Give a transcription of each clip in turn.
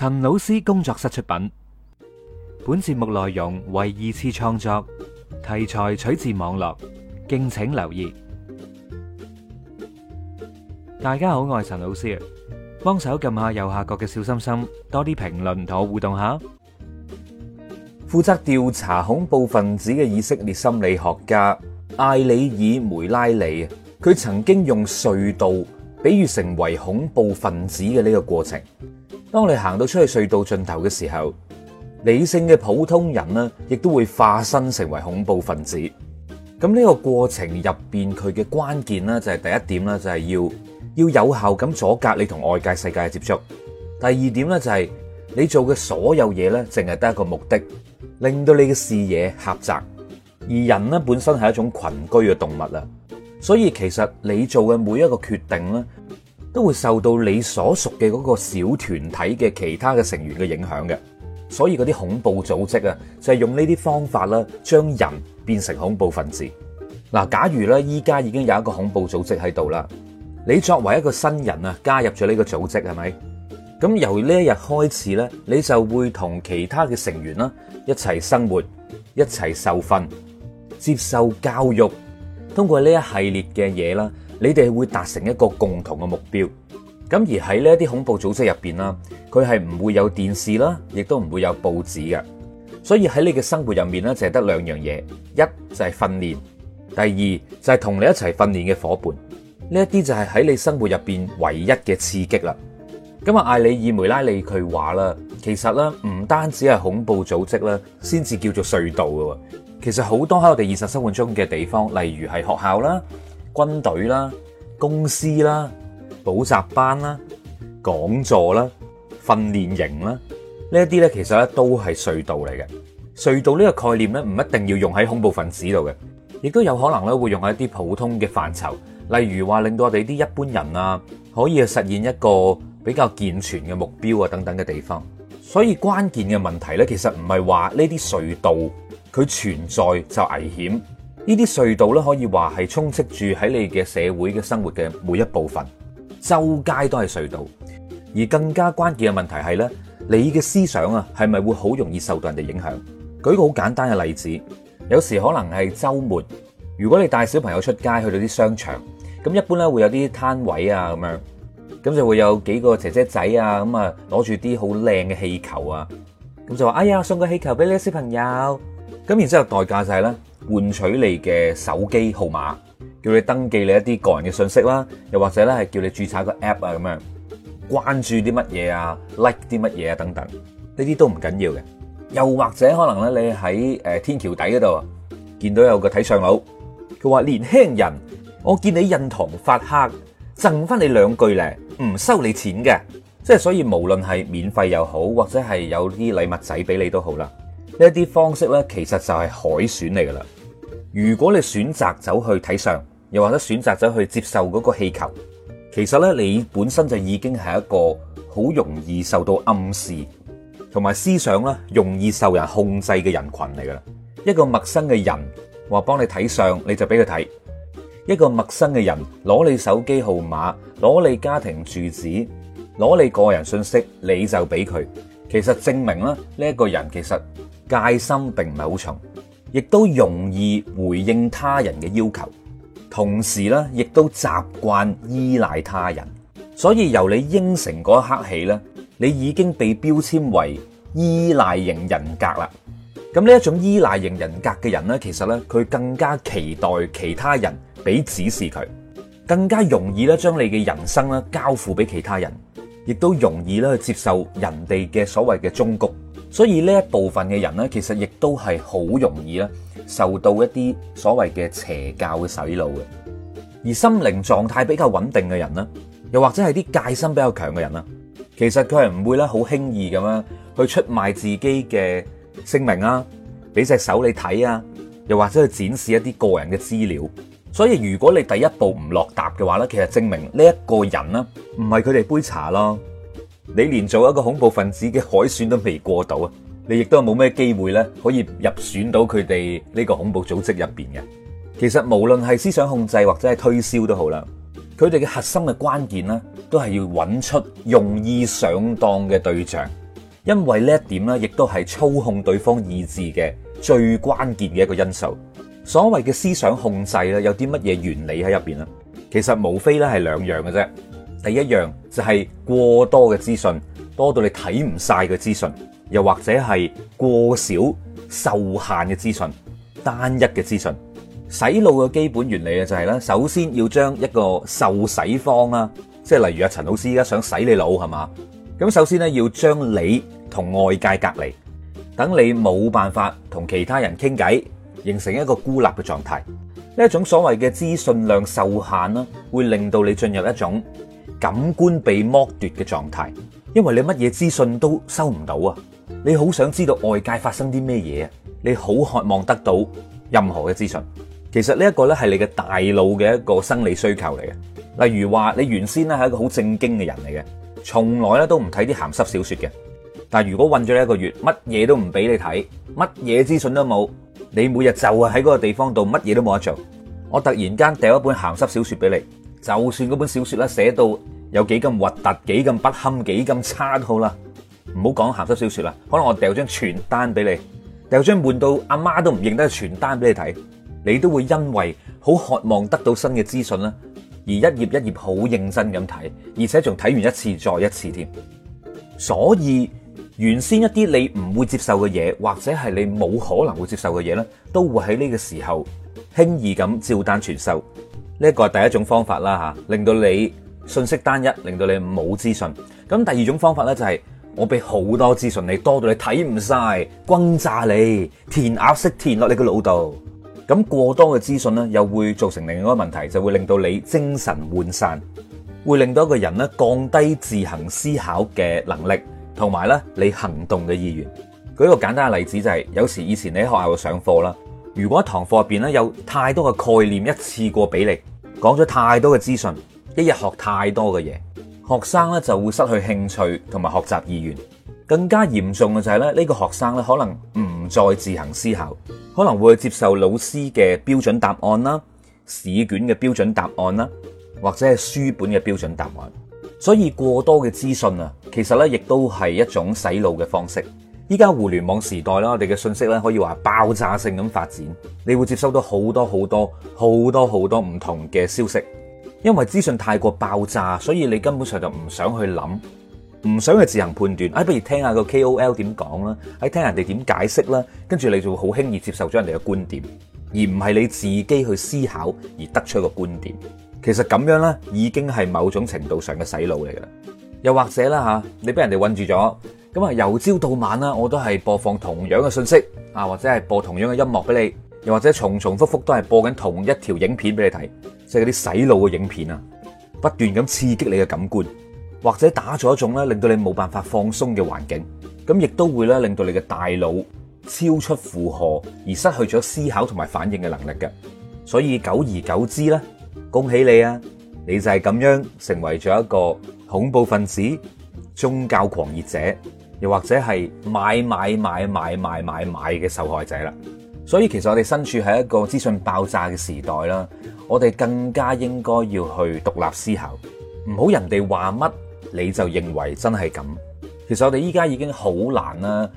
陳老師工作室出品，本節目內容為二次創作，題材取自網絡，敬請留意。大家好，我係陳老師，幫手撳下右下角嘅小心心，多啲評論同我互動下。負責調查恐怖分子嘅以色列心理學家艾里爾梅拉里，佢曾經用隧道比喻成為恐怖分子嘅呢個過程。當你行到出去隧道盡頭嘅時候，理性嘅普通人呢亦都會化身成為恐怖分子。咁呢個過程入邊，佢嘅關鍵呢就係第一點呢就係要要有效咁阻隔你同外界世界嘅接觸。第二點呢，就係你做嘅所有嘢呢，淨係得一個目的，令到你嘅視野狹窄。而人呢，本身係一種群居嘅動物啊，所以其實你做嘅每一個決定呢。都會受到你所屬嘅嗰個小團體嘅其他嘅成員嘅影響嘅，所以嗰啲恐怖組織啊，就係用呢啲方法啦，將人變成恐怖分子。嗱，假如咧依家已經有一個恐怖組織喺度啦，你作為一個新人啊，加入咗呢個組織係咪？咁由呢一日開始呢，你就會同其他嘅成員啦一齊生活，一齊受訓，接受教育，通過呢一系列嘅嘢啦。你哋會達成一個共同嘅目標，咁而喺呢啲恐怖組織入邊啦，佢係唔會有電視啦，亦都唔會有報紙嘅，所以喺你嘅生活入面呢，就係得兩樣嘢，一就係訓練，第二就係、是、同你一齊訓練嘅夥伴，呢一啲就係喺你生活入邊唯一嘅刺激啦。咁啊，艾里爾梅拉利佢話啦，其實咧唔單止係恐怖組織啦，先至叫做隧道嘅，其實好多喺我哋現實生活中嘅地方，例如係學校啦。軍隊啦、公司啦、補習班啦、講座啦、訓練營啦，呢一啲呢，其實咧都係隧道嚟嘅。隧道呢個概念呢，唔一定要用喺恐怖分子度嘅，亦都有可能咧會用喺一啲普通嘅範疇，例如話令到我哋啲一,一般人啊可以實現一個比較健全嘅目標啊等等嘅地方。所以關鍵嘅問題呢，其實唔係話呢啲隧道佢存在就危險。呢啲隧道咧可以話係充斥住喺你嘅社會嘅生活嘅每一部分，周街都係隧道。而更加關鍵嘅問題係咧，你嘅思想啊係咪會好容易受到人哋影響？舉個好簡單嘅例子，有時可能係周末，如果你帶小朋友出街去到啲商場，咁一般咧會有啲攤位啊咁樣，咁就會有幾個姐姐仔啊咁啊攞住啲好靚嘅氣球啊，咁就話哎呀，送個氣球俾你小朋友，咁然之後代價就係咧。換取你嘅手機號碼，叫你登記你一啲個人嘅信息啦，又或者咧，係叫你註冊個 app 呢啲方式呢，其實就係海選嚟噶啦。如果你選擇走去睇相，又或者選擇走去接受嗰個氣球，其實呢，你本身就已經係一個好容易受到暗示同埋思想呢容易受人控制嘅人群嚟噶啦。一個陌生嘅人話幫你睇相，你就俾佢睇；一個陌生嘅人攞你手機號碼、攞你家庭住址、攞你個人信息，你就俾佢。其實證明呢，呢個人其實，戒心並唔係好重，亦都容易回應他人嘅要求，同時咧，亦都習慣依賴他人。所以由你應承嗰一刻起咧，你已經被標籤為依賴型人格啦。咁呢一種依賴型人格嘅人咧，其實咧佢更加期待其他人俾指示佢，更加容易咧將你嘅人生咧交付俾其他人，亦都容易咧接受人哋嘅所謂嘅忠告。所以呢一部分嘅人呢，其實亦都係好容易受到一啲所謂嘅邪教嘅洗腦嘅。而心靈狀態比較穩定嘅人呢，又或者係啲戒心比較強嘅人啦，其實佢係唔會呢好輕易咁樣去出賣自己嘅姓名啊，俾隻手你睇啊，又或者去展示一啲個人嘅資料。所以如果你第一步唔落答嘅話呢，其實證明呢一個人啦，唔係佢哋杯茶咯。你連做一個恐怖分子嘅海選都未過到啊！你亦都係冇咩機會咧，可以入選到佢哋呢個恐怖組織入邊嘅。其實無論係思想控制或者係推銷都好啦，佢哋嘅核心嘅關鍵咧，都係要揾出容易上當嘅對象，因為呢一點咧，亦都係操控對方意志嘅最關鍵嘅一個因素。所謂嘅思想控制咧，有啲乜嘢原理喺入邊啊？其實無非咧係兩樣嘅啫。第一樣就係過多嘅資訊，多到你睇唔晒嘅資訊，又或者係過少受限嘅資訊、單一嘅資訊。洗腦嘅基本原理啊，就係咧，首先要將一個受洗方啦，即係例如啊，陳老師而家想洗你腦係嘛？咁首先咧，要將你同外界隔離，等你冇辦法同其他人傾偈，形成一個孤立嘅狀態。呢一種所謂嘅資訊量受限啦，會令到你進入一種感官被剝奪嘅狀態，因為你乜嘢資訊都收唔到啊！你好想知道外界發生啲咩嘢啊！你好渴望得到任何嘅資訊。其實呢一個呢係你嘅大腦嘅一個生理需求嚟嘅。例如話你原先呢係一個好正經嘅人嚟嘅，從來呢都唔睇啲鹹濕小說嘅。但係如果困咗一個月，乜嘢都唔俾你睇，乜嘢資訊都冇，你每日就係喺嗰個地方度，乜嘢都冇得做。我突然間掉一本鹹濕小說俾你。就算嗰本小説啦，寫到有幾咁核突、幾咁不堪、幾咁差都好啦，唔好講鹹濕小説啦。可能我掉張傳單俾你，掉張悶到阿媽都唔認得嘅傳單俾你睇，你都會因為好渴望得到新嘅資訊啦，而一頁一頁好認真咁睇，而且仲睇完一次再一次添。所以原先一啲你唔會接受嘅嘢，或者係你冇可能會接受嘅嘢咧，都會喺呢個時候輕易咁照單全收。呢、這個個係第一種方法啦，令到你信息單一，令到你冇資訊。咁第二種方法呢、就是、就係我俾好多資訊你，多到你睇唔晒，轟炸你，填鴨式填落你個腦度。咁過多嘅資訊呢，又會造成另外一個問題，就會令到你精神渙散，會令到一個人呢降低自行思考嘅能力，同埋呢你行動嘅意願。舉一個簡單嘅例子就係、是，有時以前你喺學校上課啦。如果堂課入邊咧有太多嘅概念一次過俾你，講咗太多嘅資訊，一日學太多嘅嘢，學生咧就會失去興趣同埋學習意願。更加嚴重嘅就係咧，呢個學生咧可能唔再自行思考，可能會接受老師嘅標準答案啦、試卷嘅標準答案啦，或者係書本嘅標準答案。所以過多嘅資訊啊，其實咧亦都係一種洗腦嘅方式。依家互聯網時代啦，我哋嘅信息咧可以話爆炸性咁發展，你會接收到好多好多好多好多唔同嘅消息，因為資訊太過爆炸，所以你根本上就唔想去諗，唔想去自行判斷，哎、啊，不如聽下個 KOL 點講啦，喺、啊、聽人哋點解釋啦，跟住你就好輕易接受咗人哋嘅觀點，而唔係你自己去思考而得出一個觀點。其實咁樣呢已經係某種程度上嘅洗腦嚟嘅，又或者啦、啊、你俾人哋韞住咗。咁啊，由朝到晚啦，我都係播放同樣嘅信息啊，或者係播同樣嘅音樂俾你，又或者重重複複都係播緊同一條影片俾你睇，即係嗰啲洗腦嘅影片啊，不斷咁刺激你嘅感官，或者打造一種咧令到你冇辦法放鬆嘅環境，咁亦都會咧令到你嘅大腦超出負荷而失去咗思考同埋反應嘅能力嘅，所以久而久之咧，恭喜你啊，你就係咁樣成為咗一個恐怖分子、宗教狂熱者。又或者係買買買買買買買嘅受害者啦，所以其實我哋身處喺一個資訊爆炸嘅時代啦，我哋更加應該要去獨立思考，唔好人哋話乜你就認為真係咁。其實我哋依家已經好難啦，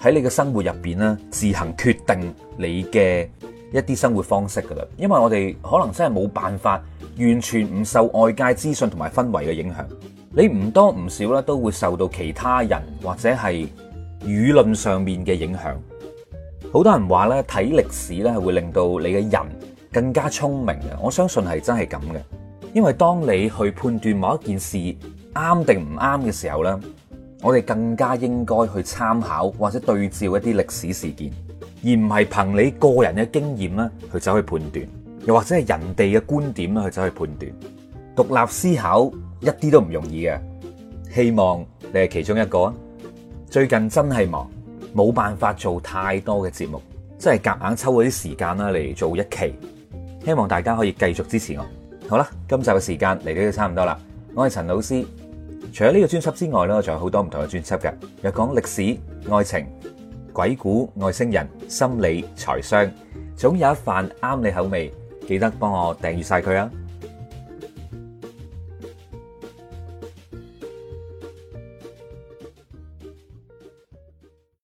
喺你嘅生活入面自行決定你嘅一啲生活方式㗎啦，因為我哋可能真係冇辦法完全唔受外界資訊同埋氛圍嘅影響。你唔多唔少啦，都會受到其他人或者係輿論上面嘅影響。好多人話咧，睇歷史咧係會令到你嘅人更加聰明嘅。我相信係真係咁嘅，因為當你去判斷某一件事啱定唔啱嘅時候咧，我哋更加應該去參考或者對照一啲歷史事件，而唔係憑你個人嘅經驗啦去走去判斷，又或者係人哋嘅觀點啦去走去判斷。獨立思考一啲都唔容易嘅，希望你係其中一個啊。最近真係忙，冇辦法做太多嘅節目，真係夾硬抽嗰啲時間啦嚟做一期。希望大家可以繼續支持我。好啦，今集嘅時間嚟到都差唔多啦。我係陳老師，除咗呢個專輯之外咧，我仲有好多唔同嘅專輯嘅，又講歷史、愛情、鬼故、外星人、心理、財商，總有一瓣啱你口味。記得幫我訂閱晒佢啊！